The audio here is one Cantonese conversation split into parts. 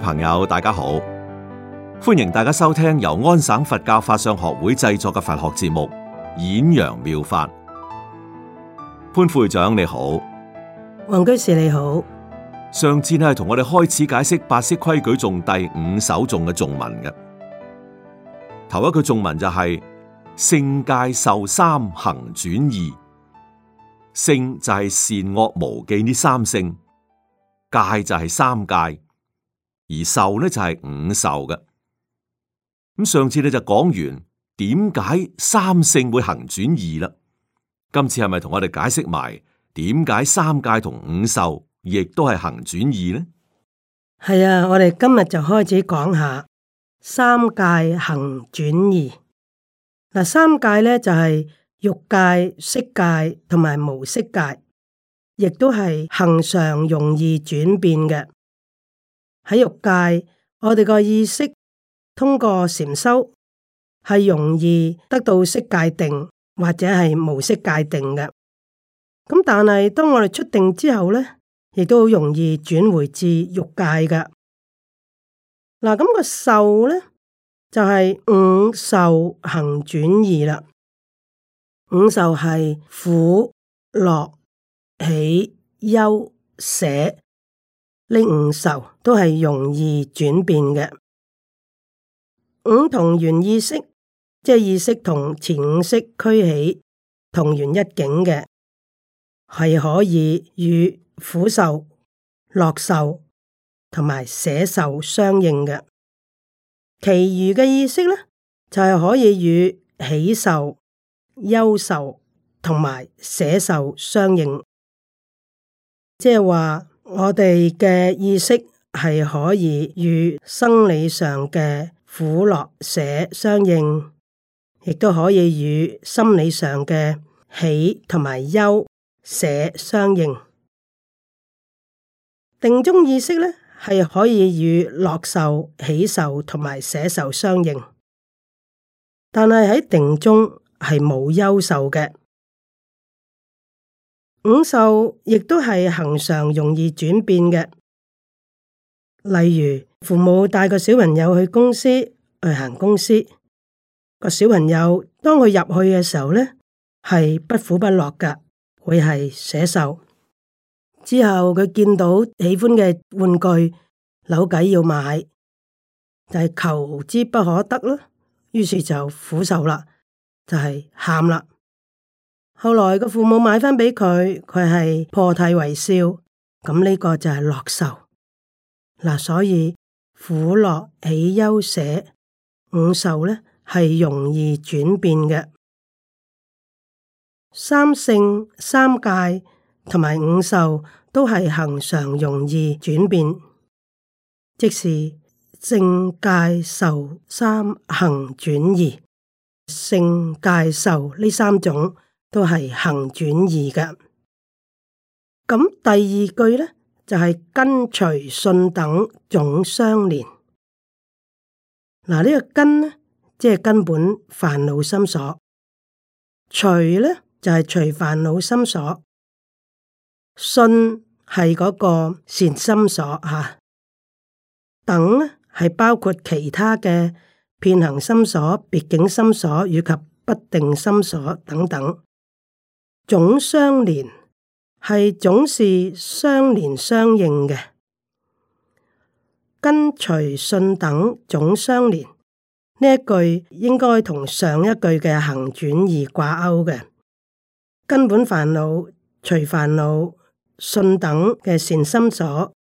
朋友，大家好，歡迎大家收聽由安省佛教法相學會製作嘅佛學節目《演揚妙妙法》。潘副會長你好，黃居士你好。上次呢係同我哋開始解釋《八識規矩頌》第五首頌嘅頌文嘅。頭一句頌文就係、是“性界受三恆轉易”，性就係善惡無記呢三性，界就係三界。而受咧就係、是、五受嘅。咁上次你就講完點解三性會恆轉易啦，今次係咪同我哋解釋埋點解三界同五受亦都係恆轉易呢？係啊，我哋今日就開始講下三界恆轉易。嗱，三界咧就係、是、欲界、色界同埋無色界，亦都係恒常容易轉變嘅。喺欲界，我哋個意識通過禪修係容易得到色界定或者係無色界定嘅。咁但係當我哋出定之後咧，亦都好容易轉回至欲界嘅。嗱，咁、那個受咧就係、是、五受行轉移啦。五受係苦、樂、喜、憂、捨。呢五受都係容易轉變嘅，五同緣意識，即係意識同前五識俱起同緣一境嘅，係可以與苦受、樂受同埋捨受相應嘅。其餘嘅意識咧，就係可以與喜受、憂受同埋捨受相應，即係話。我哋嘅意識係可以與生理上嘅苦樂捨相應，亦都可以與心理上嘅喜同埋憂捨相應。定中意識呢，係可以與樂受、喜受同埋捨受相應，但係喺定中係冇憂受嘅。五受亦都係恆常容易轉變嘅，例如父母帶個小朋友去公司，去行公司，個小朋友當佢入去嘅時候呢，係不苦不樂㗎，會係捨受。之後佢見到喜歡嘅玩具，扭計要買，就係、是、求之不可得啦，於是就苦受啦，就係喊啦。後來個父母買返畀佢，佢係破涕為笑。咁呢個就係樂受嗱，所以苦樂喜憂捨五受咧係容易轉變嘅。三性、三界同埋五受都係恒常容易轉變，即是性界受三恒轉移、性界受呢三種。都係行轉移嘅。咁第二句呢，就係根隨信等總相連。嗱、啊，呢、呢個根呢，即係根本煩惱心所，隨呢，就係隨煩惱心所，信係嗰個善心所吓、啊，等呢，係包括其他嘅遍行心所、別境心所以及不定心所等等。總相連係總是相連相應嘅。根隨信等總相連，呢一句應該同上一句嘅恆轉易掛鈎嘅。根本煩惱隨煩惱、信等嘅善心所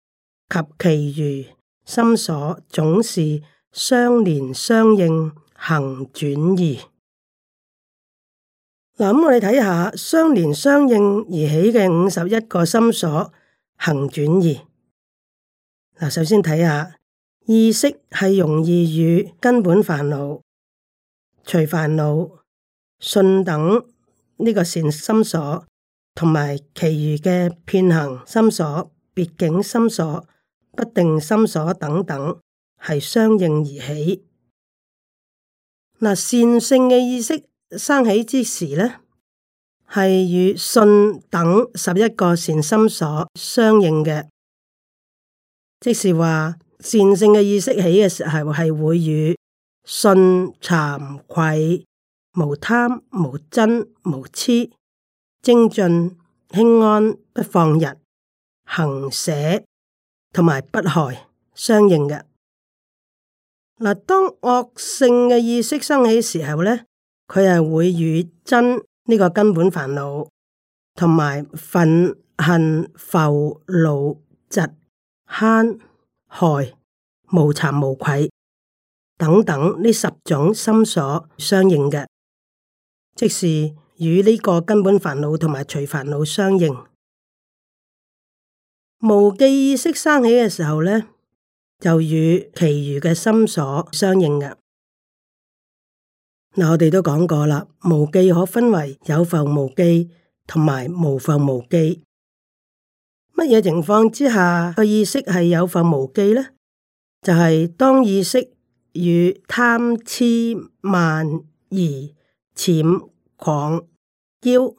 及其餘心所總是相連相應恆轉易。嗱，咁我哋睇下相連相應而起嘅五十一個心所行轉移。嗱，首先睇下意識係容易與根本煩惱、隨煩惱、信等呢個善心所，同埋其餘嘅遍行心所、別境心所、不定心所等等係相應而起。嗱，善性嘅意識。生起之時呢，係與信等十一個善心所相應嘅，即是話善性嘅意識起嘅時候，係會與信、慚愧、無貪、無嗔、無癡、精進、輕安、不放逸、行捨同埋不害相應嘅。嗱，當惡性嘅意識生起時候呢。佢係會與瞋呢個根本煩惱，同埋憤恨、覆惱、嫉、慳、害、無慚無愧等等呢十種心所相應嘅，即是與呢個根本煩惱同埋隨煩惱相應。無記意識生起嘅時候咧，就與其餘嘅心所相應嘅。嗱，我哋都講過啦，無記可分為有浮無記同埋無浮無記。乜嘢情況之下個意識係有浮無記咧？就係、是、當意識與貪痴慢疑、淺狂驕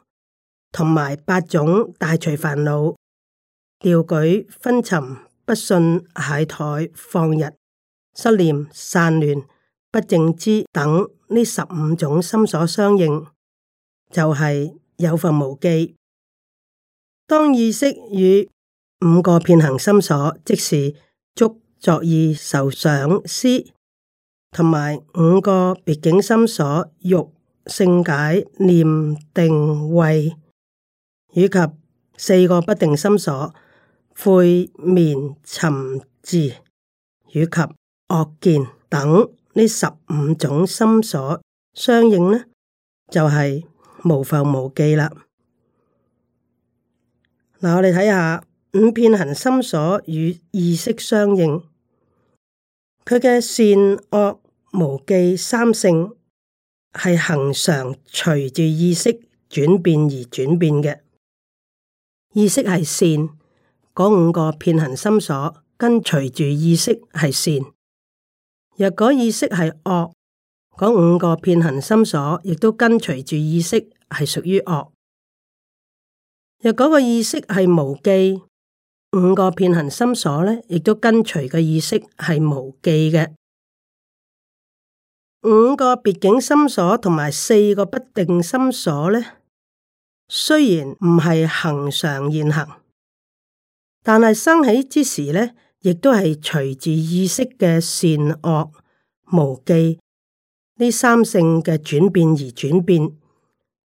同埋八種大隨煩惱調舉分尋不信懈怠放逸失念散亂。不正知，等呢十五種心所相應，就係、是、有份無記。當意識與五個遍行心所，即是觸作意受、受想思，同埋五個別境心所欲、勝解、念、定、慧」，以及四個不定心所、悔、眠、尋、伺，以及惡見等。呢十五種心所相應呢，就係、是、無覆無記啦。嗱，我哋睇下五遍行心所與意識相應，佢嘅善惡無記三性係恒常隨住意識轉變而轉變嘅。意識係善，嗰五個遍行心所跟隨住意識係善。若果意識係惡，嗰五個遍行心所亦都跟隨住意識係屬於惡。若果個意識係無記，五個遍行心所咧，亦都跟隨個意識係無記嘅。五個別境心所同埋四個不定心所咧，雖然唔係恆常現行，但係生起之時咧。亦都係隨住意識嘅善惡無記，呢三性嘅轉變而轉變，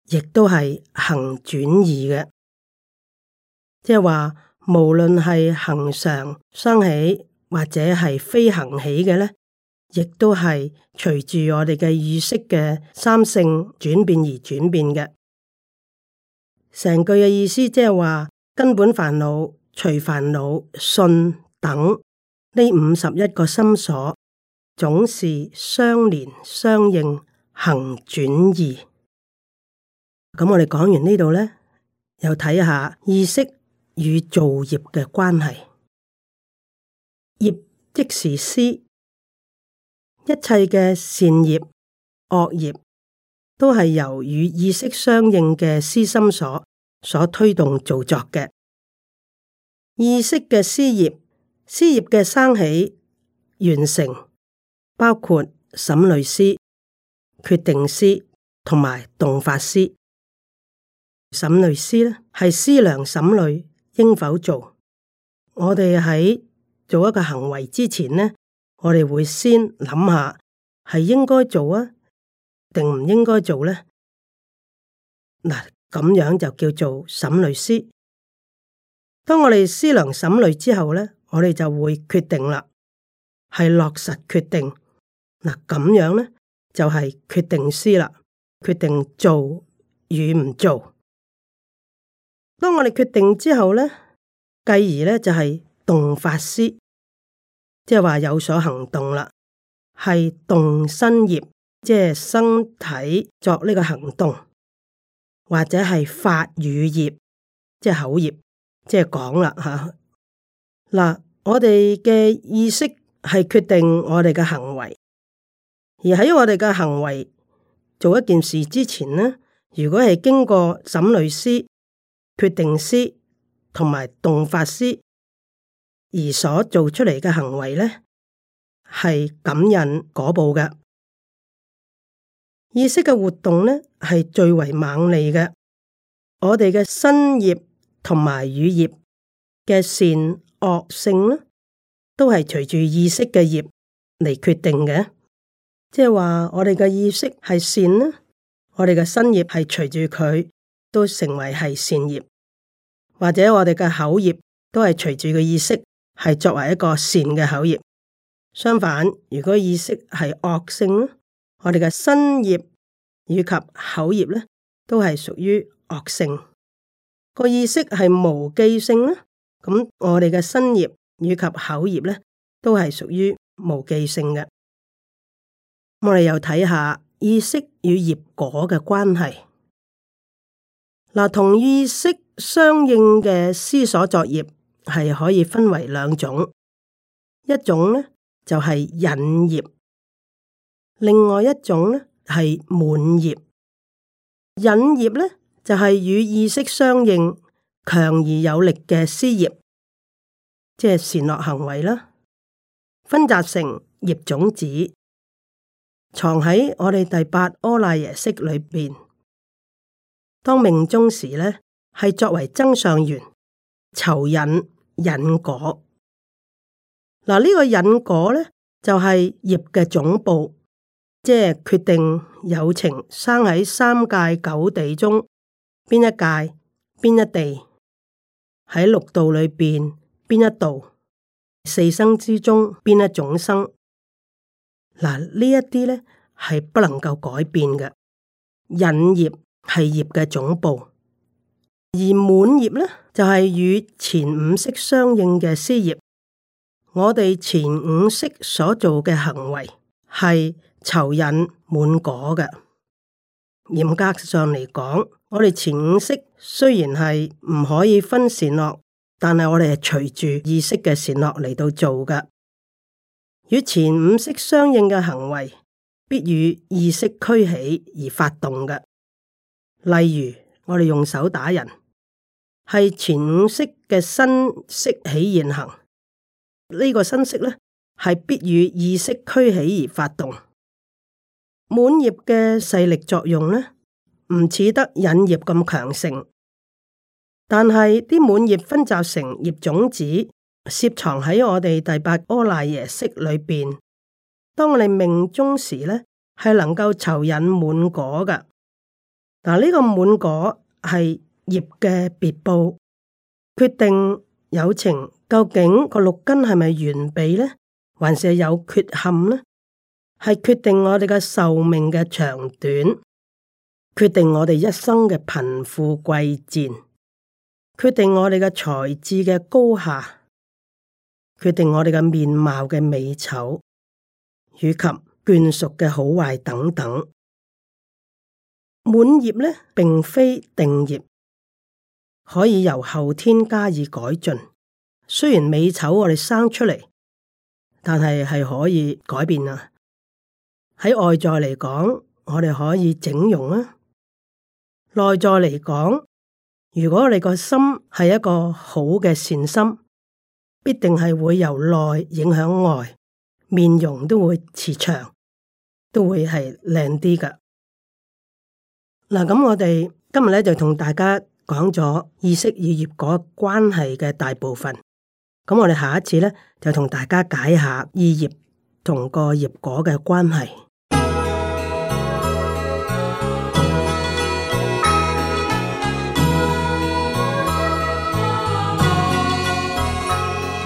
亦都係恒轉移嘅。即係話，無論係恒常、生起或者係非恆起嘅咧，亦都係隨住我哋嘅意識嘅三性轉變而轉變嘅。成句嘅意思即係話，根本煩惱隨煩惱信。等呢五十一個心所，總是相連相應行轉移。咁我哋講完呢度呢，又睇下意識與造業嘅關係。業即是思，一切嘅善業、惡業，都係由與意識相應嘅思心所所推動造作嘅。意識嘅思業。思業嘅生起完成，包括審慮思、決定思同埋動發思。審慮思咧係思量審慮應否做。我哋喺做一個行為之前咧，我哋會先諗下係應該做啊，定唔應該做咧？嗱，咁樣就叫做審慮思。當我哋思量審慮之後咧。我哋就會決定啦，係落實決定嗱，咁、啊、樣咧就係、是、決定師啦，決定做與唔做。當我哋決定之後咧，繼而咧就係、是、動法師，即係話有所行動啦，係動身業，即係身體作呢個行動，或者係發語業，即係口業，即係講啦吓。啊嗱，我哋嘅意識係決定我哋嘅行為，而喺我哋嘅行為做一件事之前呢，如果係經過審慮思、決定思同埋動發思而所做出嚟嘅行為呢，係感應果報嘅意識嘅活動呢，係最為猛烈嘅。我哋嘅身業同埋語業嘅善、惡性咧，都係隨住意識嘅業嚟決定嘅。即係話，我哋嘅意識係善咧，我哋嘅身業係隨住佢都成為係善業，或者我哋嘅口業都係隨住個意識係作為一個善嘅口業。相反，如果意識係惡性咧，我哋嘅身業以及口業咧，都係屬於惡性。個意識係無記性咧。咁我哋嘅身業以及口業咧，都係屬於無記性嘅。我哋又睇下意識與業果嘅關係。嗱，同意識相應嘅思所作業係可以分為兩種，一種咧就係、是、引業，另外一種咧係滿業。引業咧就係、是、與意識相應。強而有力嘅思業，即係善惡行為啦。分集成業種子，藏喺我哋第八阿賴耶識裏邊。當命終時咧，係作為增上緣、囚引、引果。嗱，呢個引果咧，就係、是、業嘅總部，即係決定有情生喺三界九地中邊一界、邊一地。喺六道裏邊，邊一度四生之中，邊一種生，嗱，呢一啲咧係不能夠改變嘅。引業係業嘅總部，而滿業咧就係、是、與前五識相應嘅私業。我哋前五識所做嘅行為係酬引滿果嘅。嚴格上嚟講。我哋前五識雖然係唔可以分善惡，但係我哋係隨住意識嘅善惡嚟到做㗎。與前五識相應嘅行為，必與意識俱起而發動㗎。例如，我哋用手打人，係前五識嘅身識起現行。呢、這個身識咧，係必與意識俱起而發動。滿業嘅勢力作用呢？唔似得引業咁強盛，但係啲滿業分集成業種子，攝藏喺我哋第八阿賴耶識裏邊。當我哋命中時咧，係能夠酬引滿果嘅。嗱，呢個滿果係業嘅別報，決定有情究竟個六根係咪完備咧，還是有缺陷咧，係決定我哋嘅壽命嘅長短。決定我哋一生嘅貧富貴賤，決定我哋嘅才智嘅高下，決定我哋嘅面貌嘅美醜，以及眷屬嘅好壞等等。滿業呢，並非定業，可以由後天加以改進。雖然美醜我哋生出嚟，但係係可以改變啊！喺外在嚟講，我哋可以整容啊！內在嚟講，如果你個心係一個好嘅善心，必定係會由內影響外，面容都會慈祥，都會係靚啲噶。嗱，咁我哋今日咧就同大家講咗意識與業果關係嘅大部分，咁我哋下一次咧就同大家解，解下意業同個業果嘅關係。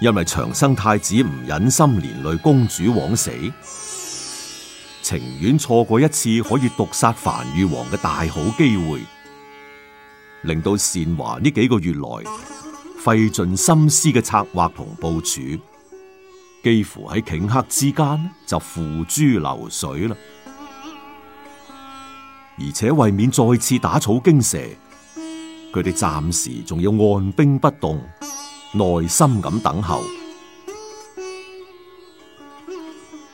因為長生太子唔忍心連累公主枉死，情願錯過一次可以毒殺梵豫王嘅大好機會，令到善華呢幾個月來費盡心思嘅策劃同部署，幾乎喺頃刻之間就付諸流水啦。而且為免再次打草驚蛇，佢哋暫時仲要按兵不動。耐心咁等候。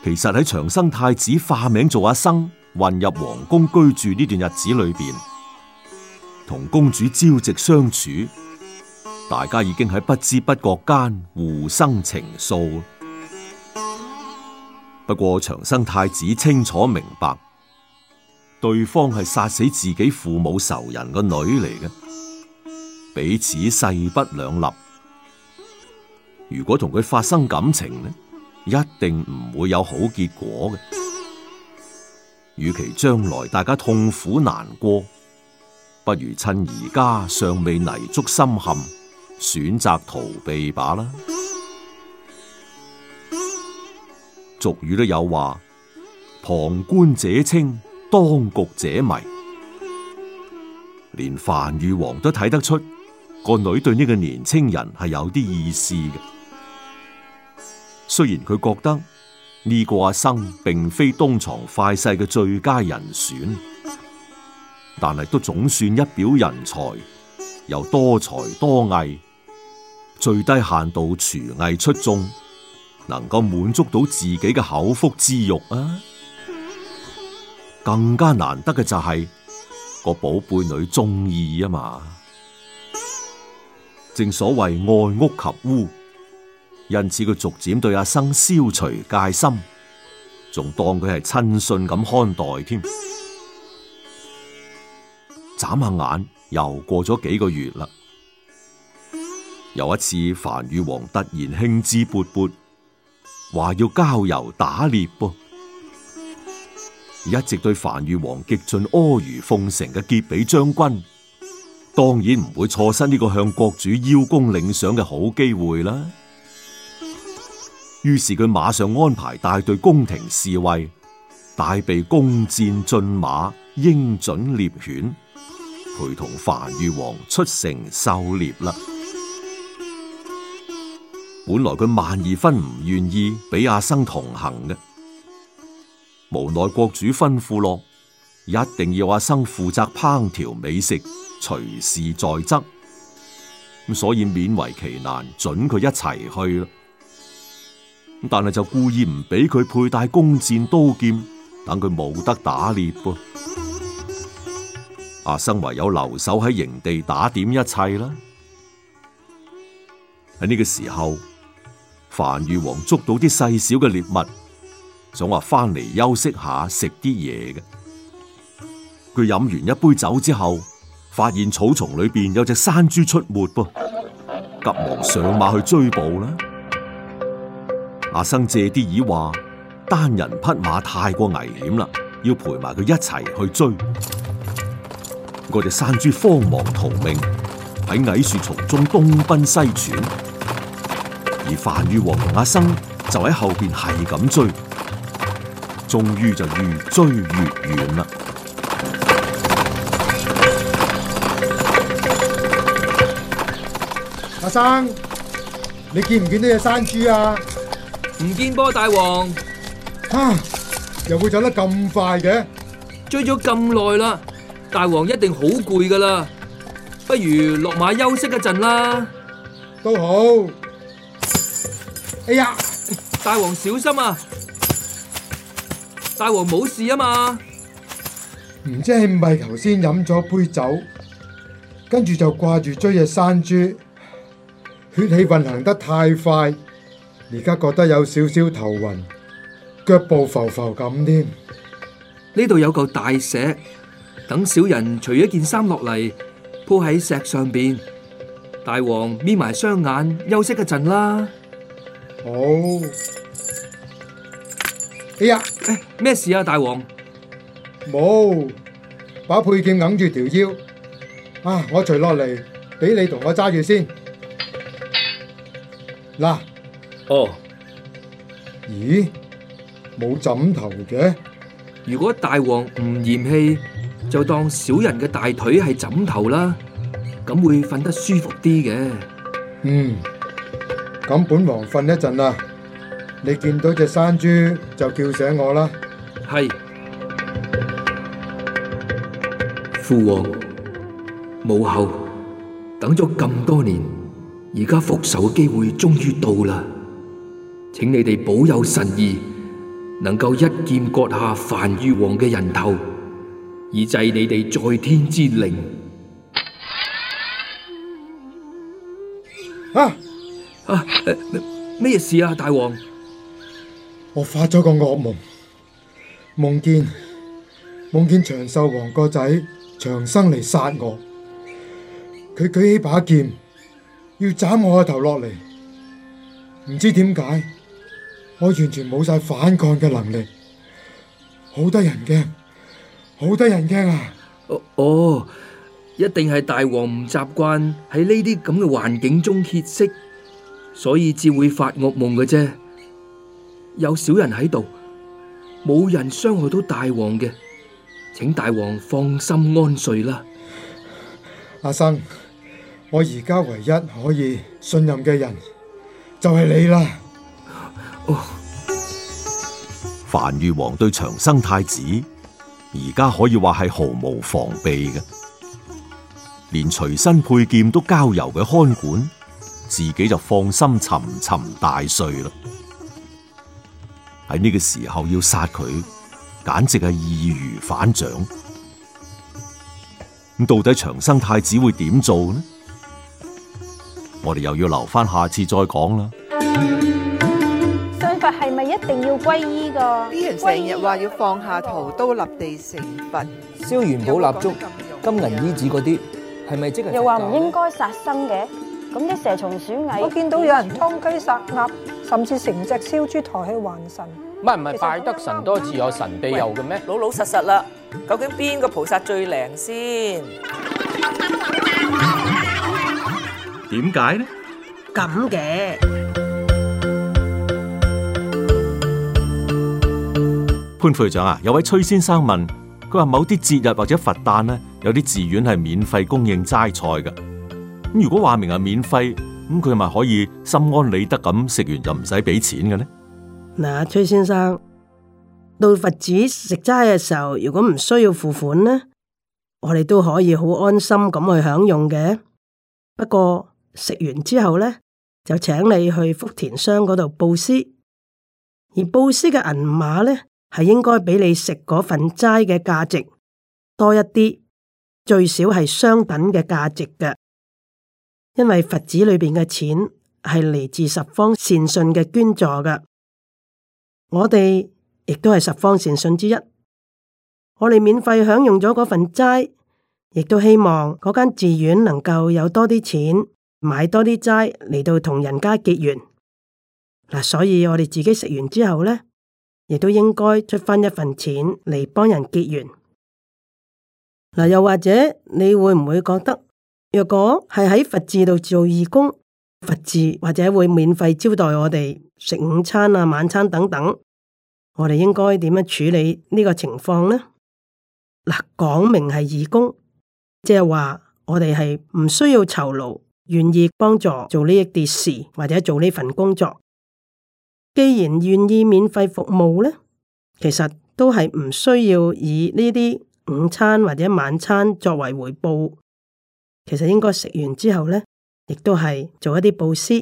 其實喺長生太子化名做阿生，混入皇宮居住呢段日子裏邊，同公主朝夕相處，大家已經喺不知不覺間互生情愫。不過長生太子清楚明白，對方係殺死自己父母仇人嘅女嚟嘅，彼此勢不兩立。如果同佢發生感情呢，一定唔會有好結果嘅。與其將來大家痛苦難過，不如趁而家尚未泥足深陷，選擇逃避吧啦。 俗語都有話：旁觀者清，當局者迷。連梵豫王都睇得出，個女對呢個年青人係有啲意思嘅。雖然佢覺得呢、這個阿生並非東床快婿嘅最佳人選，但係都總算一表人才，又多才多藝，最低限度廚藝出眾，能夠滿足到自己嘅口腹之欲啊！更加難得嘅就係、是、個寶貝女中意啊嘛！正所謂愛屋及烏。因此佢逐漸對阿生消除戒心，仲當佢係親信咁看待添。眨下眼，又過咗幾個月啦。有一次，梵豫王突然興致勃勃，話要郊遊打獵噃。一直對梵豫王極盡阿諛奉承嘅劫比將軍，當然唔會錯失呢個向國主邀功領賞嘅好機會啦。於是佢馬上安排帶隊宮廷侍衛，帶備弓箭、駿馬、鷹隼獵犬，陪同梵豫王出城狩獵啦。本來佢萬二分唔願意俾阿生同行嘅，無奈國主吩咐咯，一定要阿生負責烹調美食，隨時在側，咁所以勉為其難，准佢一齊去。但係就故意唔俾佢佩戴弓箭刀劍，等佢冇得打獵、喎。阿生唯有留守喺營地打點一切啦、啊。喺呢個時候，梵豫王捉到啲細小嘅獵物，想話翻嚟休息下食啲嘢嘅。佢飲、啊、完一杯酒之後，發現草叢裏邊有隻山豬出沒、喎，急忙上馬去追捕啦、啊。阿生借啲耳話，單人匹馬太過危險啦，要陪埋佢一齊去追。嗰隻山豬慌忙逃命，喺矮樹叢中東奔西竄，而梵豫和同阿生就喺後邊係咁追，終於就越追越遠啦。阿生，你見唔見呢隻山豬啊？唔見波，大王啊！又會走得咁快嘅？追咗咁耐啦，大王一定好攰噶啦，不如落馬休息一陣啦，都好。哎呀，大王小心啊！大王冇事啊嘛？唔知係咪頭先飲咗杯酒，跟住就掛住追隻山豬，血氣運行得太快。而家覺得有少少頭暈，腳步浮浮咁添。呢度有個大石，等小人除一件衫落嚟，鋪喺石上邊。大王眯埋雙眼休息一陣啦。好、哦。哎呀，咩、欸、事啊，大王？冇，把佩劍，揞住條腰。啊，我除落嚟俾你同我揸住先。嗱。哦，咦，冇枕頭嘅？如果大王唔嫌棄，就當小人嘅大腿係枕頭啦，咁會瞓得舒服啲嘅。嗯，咁本王瞓一陣啦，你見到隻山豬就叫醒我啦。係，父王、母后，等咗咁多年，而家復仇嘅機會終於到啦。請你哋保佑神意，能夠一劍割下梵豫王嘅人頭，以祭你哋在天之靈。啊啊！咩、啊、事啊，大王？我發咗個惡夢，夢見夢見長壽王個仔長生嚟殺我，佢舉起把劍要斬我個頭落嚟，唔知點解。我完全冇晒反抗嘅能力，好得人驚，好得人驚啊！哦，一定係大王唔習慣喺呢啲咁嘅環境中歇息，所以至會發惡夢嘅啫。有小人喺度，冇人傷害到大王嘅，請大王放心安睡啦。阿生，我而家唯一可以信任嘅人就係你啦。樊裕皇對長生太子而家可以話係毫無防備嘅，連隨身佩劍都交由佢看管，自己就放心沉沉大睡啦。喺呢個時候要殺佢，簡直係易如反掌。咁到底長生太子會點做呢？我哋又要留翻下，下次再講啦。一定要皈依噶啲人，成日話要放下屠刀立地成佛，燒元寶蠟燭、金銀衣紙嗰啲，係咪即係？又話唔應該殺生嘅，咁啲蛇蟲鼠蟻，我見到有人劏雞殺鴨，甚至成隻燒豬抬去還神，唔係唔係拜得神多自有神庇佑嘅咩？老老實實啦，究竟邊個菩薩最靈先？點解呢？咁嘅。潘會長啊，有位崔先生問佢話：某啲節日或者佛誕呢，有啲寺院係免費供應齋菜嘅。咁如果話明係免費，咁佢咪可以心安理得咁食完就唔使俾錢嘅呢？嗱、呃，崔先生到佛寺食齋嘅時候，如果唔需要付款呢，我哋都可以好安心咁去享用嘅。不過食完之後呢，就請你去福田箱嗰度布施，而布施嘅銀碼呢。係應該俾你食嗰份齋嘅價值多一啲，最少係相等嘅價值嘅，因為佛子裏邊嘅錢係嚟自十方善信嘅捐助嘅。我哋亦都係十方善信之一，我哋免費享用咗嗰份齋，亦都希望嗰間寺院能夠有多啲錢買多啲齋嚟到同人家結緣。嗱，所以我哋自己食完之後咧，亦都應該出返一份錢嚟幫人結緣。嗱，又或者你會唔會覺得，若果係喺佛寺度做義工，佛寺或者會免費招待我哋食午餐啊、晚餐等等，我哋應該點樣處理呢個情況呢？嗱，講明係義工，即係話我哋係唔需要酬勞，願意幫助做呢一啲事或者做呢份工作。既然願意免費服務咧，其實都係唔需要以呢啲午餐或者晚餐作為回報。其實應該食完之後咧，亦都係做一啲布施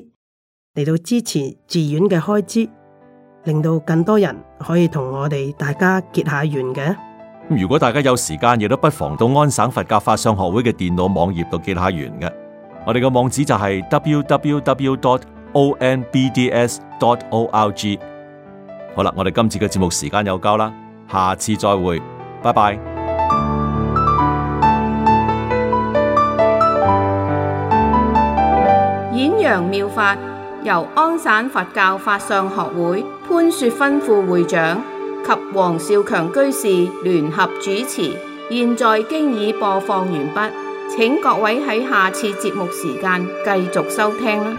嚟到支持寺院嘅開支，令到更多人可以同我哋大家結下緣嘅。咁如果大家有時間，亦都不妨到安省佛教法相學會嘅電腦網頁度結下緣嘅。我哋個網址就係 w w w dot onbds.dot.org 好啦，我哋今次嘅節目時間又夠啦，下次再會，拜拜。演揚妙法由安省佛教法相學會潘雪芬副會長及黃少強居士聯合主持，現在經已播放完畢，請各位喺下次節目時間繼續收聽